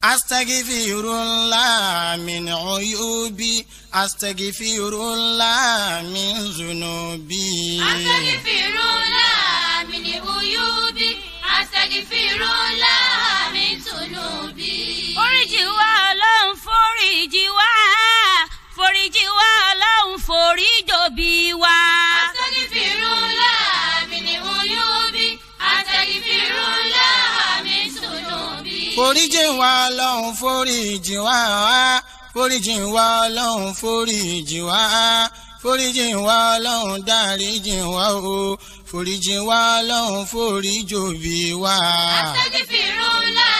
astagfirullah min uyubi astagfirullah min zunubi. astagfirullah min uyubi astagfirullah min zunubi. oríjì wa ọlọ́run foríjì wa foríjì wa ọlọ́run foríjì òbí wa. foríjì wa lọ́hùn foríjì wa foríjì wa lọ́hùn foríjì wa foríjì wa lọ́hùn dáríjì wa o foríjì wa lọ́hùn foríjì òbí wa. àtẹ̀gìfìrúnlá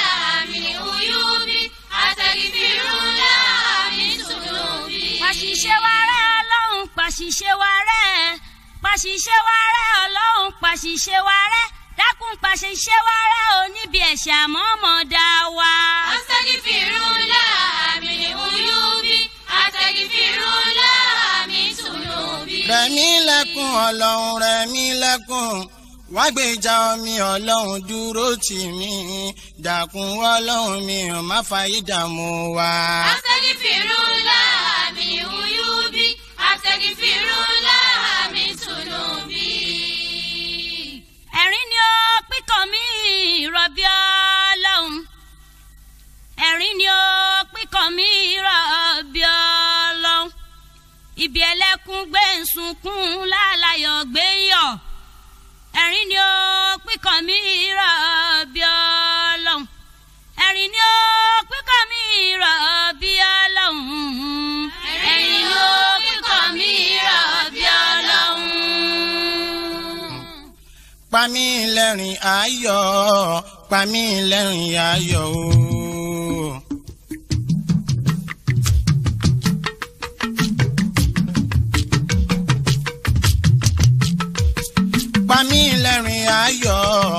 mi ni oyúbí àtẹ̀gìfìrúnlá mi sùnúbí. pàṣìṣe wa rẹ ọlọ́run pàṣìṣe wa rẹ pàṣìṣe wa rẹ ọlọ́run pàṣìṣe wa rẹ dákun pàṣẹ iṣẹ́ wa rá o níbi ẹ̀ṣẹ̀ àmọ́ ọmọ dá wa. àṣẹ́gi fi irun lá àmì oyún bí àṣẹ́gi fi irun lá àmì sùnú bí. rẹ̀mí lẹ́kùn ọlọ́run rẹ̀mí lẹ́kùn wá gbèjà omi ọlọ́run dúró tì mí dákun ọlọ́run mi ò má fàyè dààmú wa. àṣẹ́gi fi irun lá àmì oyún bí àṣẹ́gi fi irun lá. pìkàn mí rà bí ọlọ́run ẹ̀rín ni ó pìkàn mí rà bí ọlọ́run. ẹ̀rín ni ó pìkàn mí rà bí ọlọ́run. pa mí lẹ́rìn ayọ̀ pa mí lẹ́rìn ayọ̀ o. mi lẹ́rìn ayọ̀.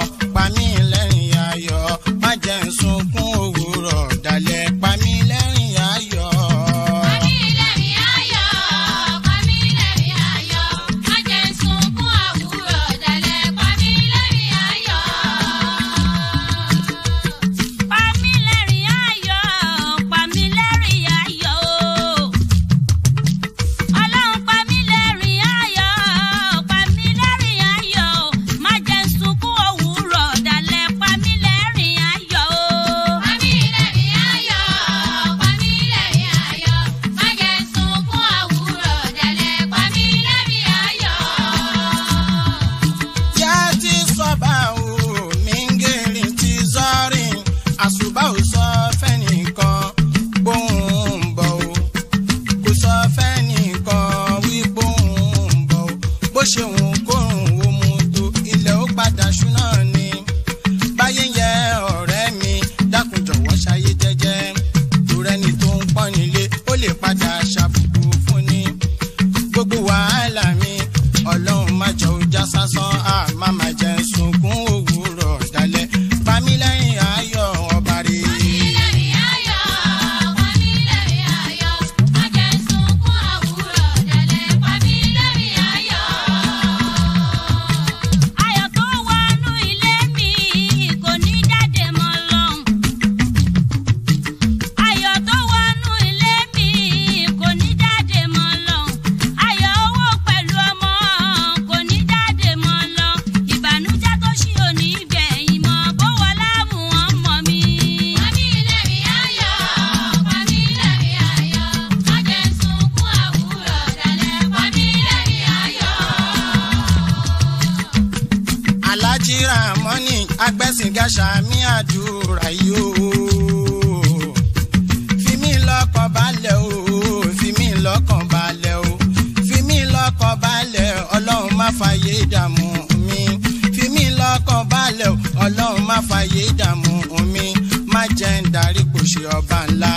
sàmì àdúrà yìí o fi mí lọ́kàn balẹ̀ o fi mí lọ́kàn balẹ̀ o fi mí lọ́kàn balẹ̀ ọlọ́run má fàyè dààmú mi má jẹ́ ń darí kò ṣe ọba ńlá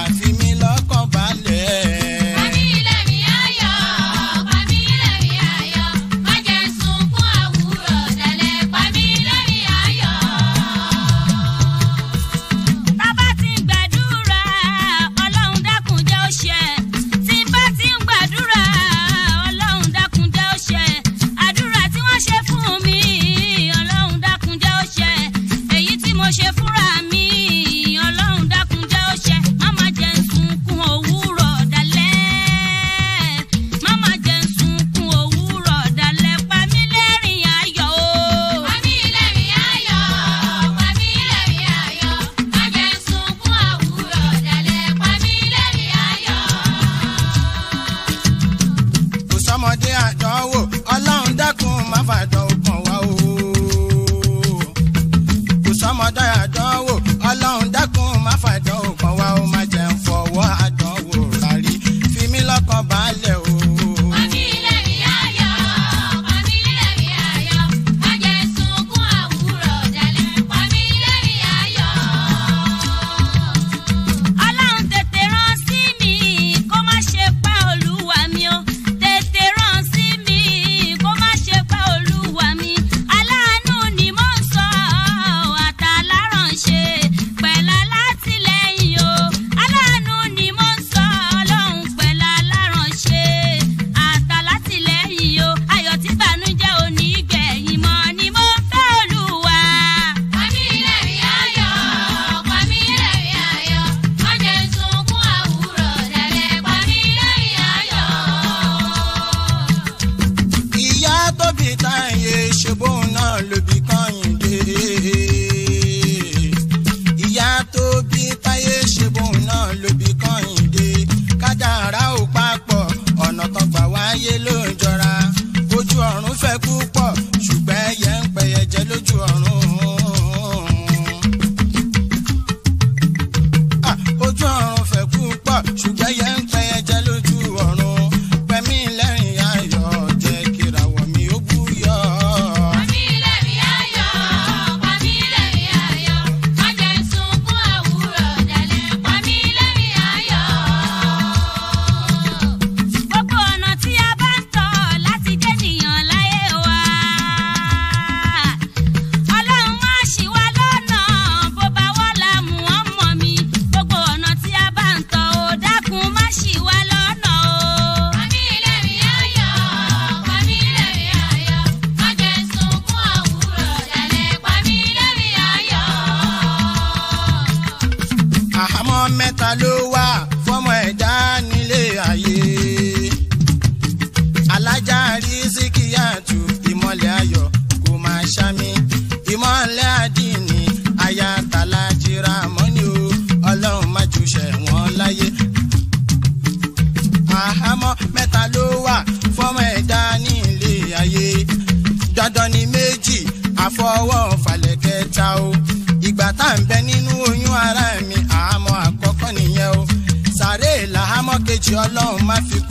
ọlọ́run my future.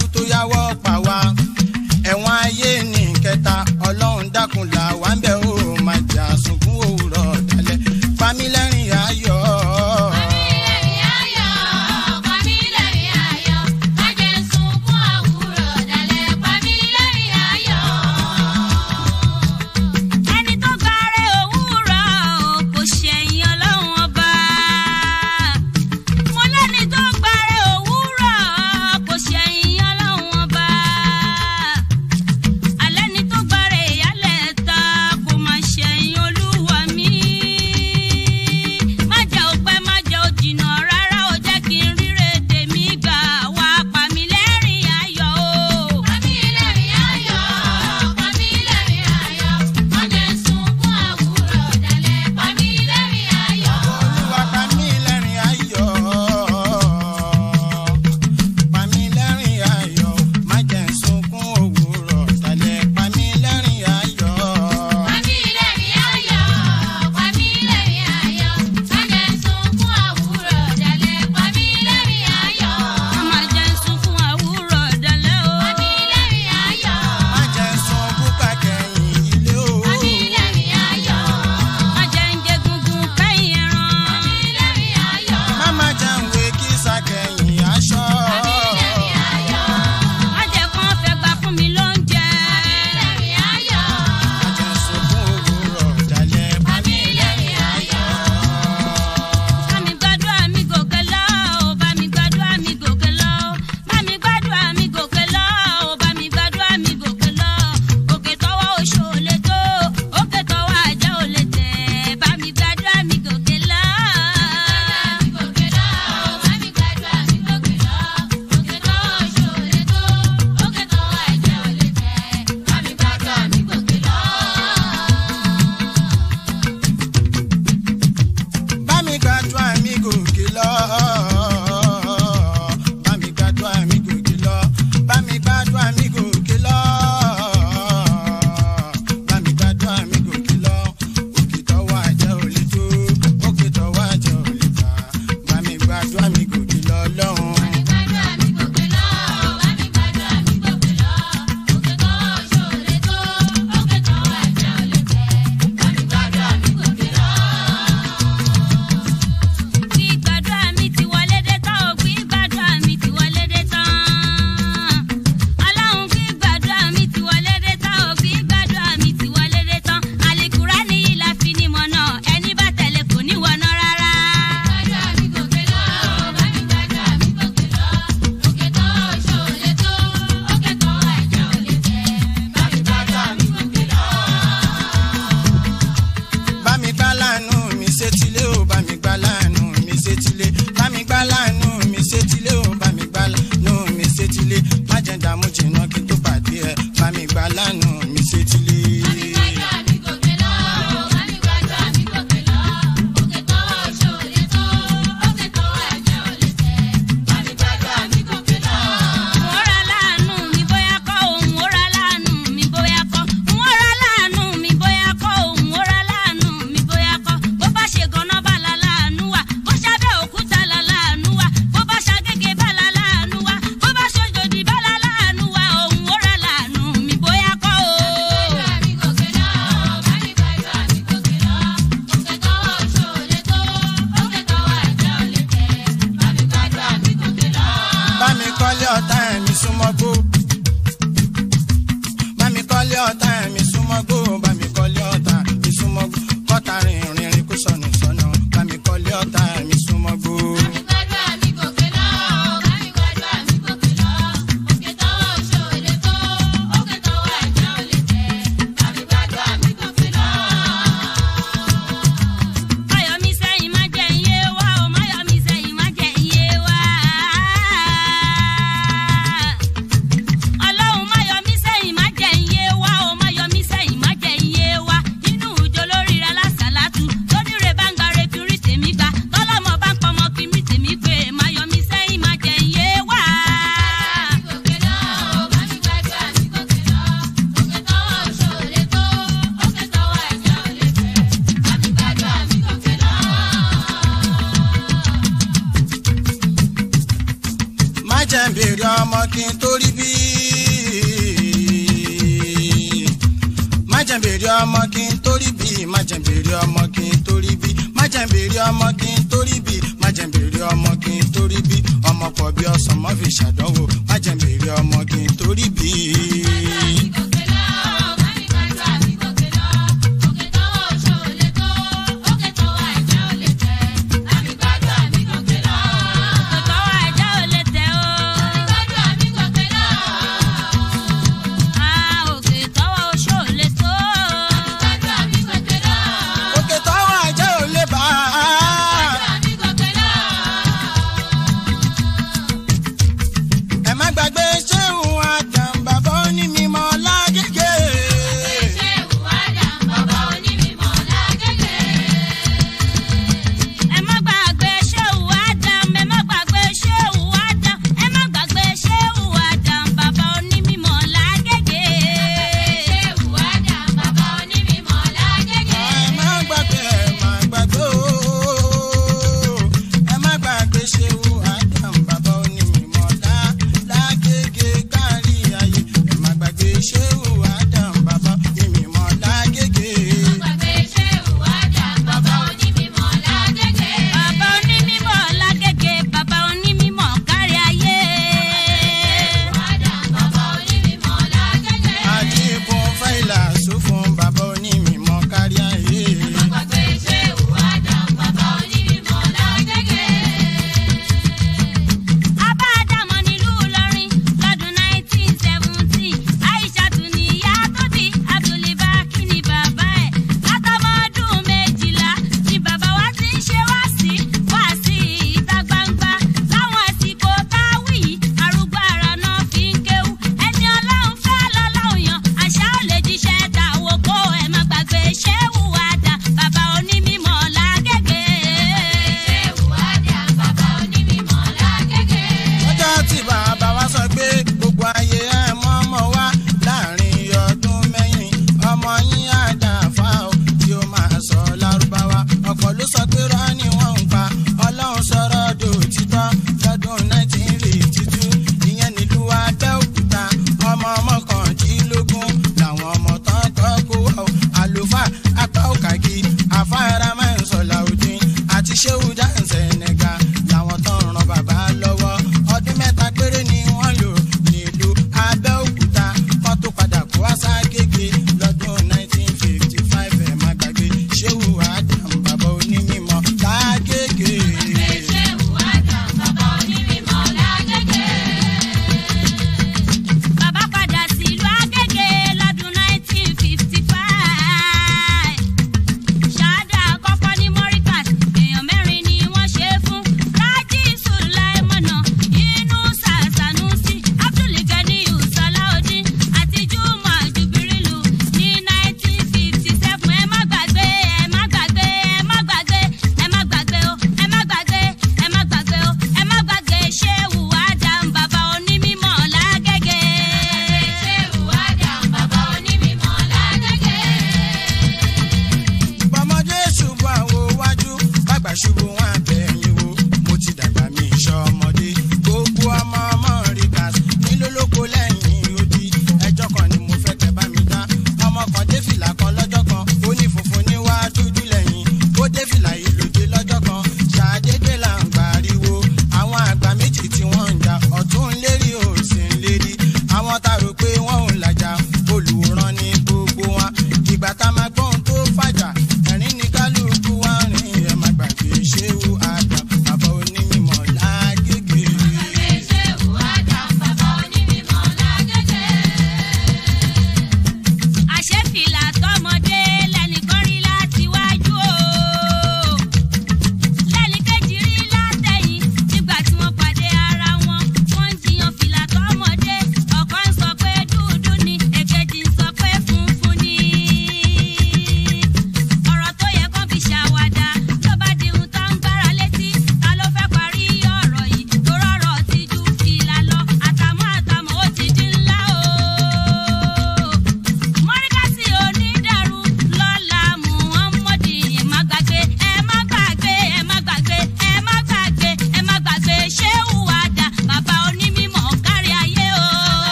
my boo.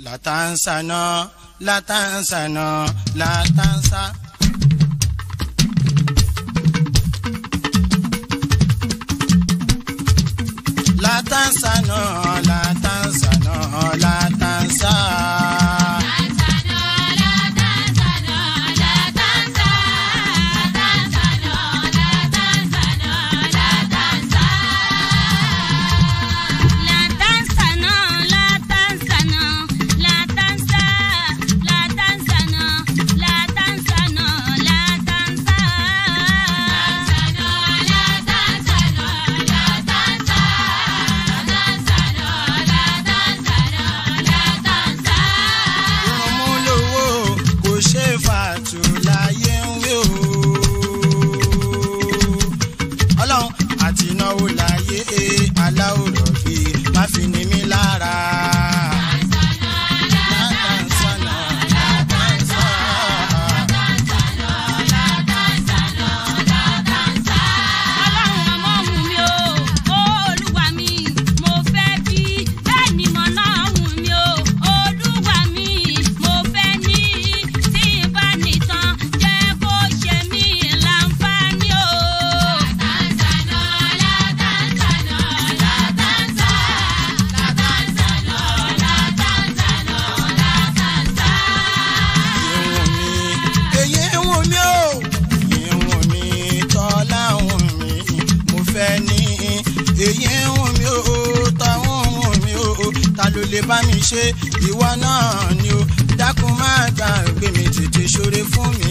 la tansa no la tansa no la tansa. no. ṣe ìwọ náà ni o dákun má gbàgbé mi tètè ṣoore fún mi.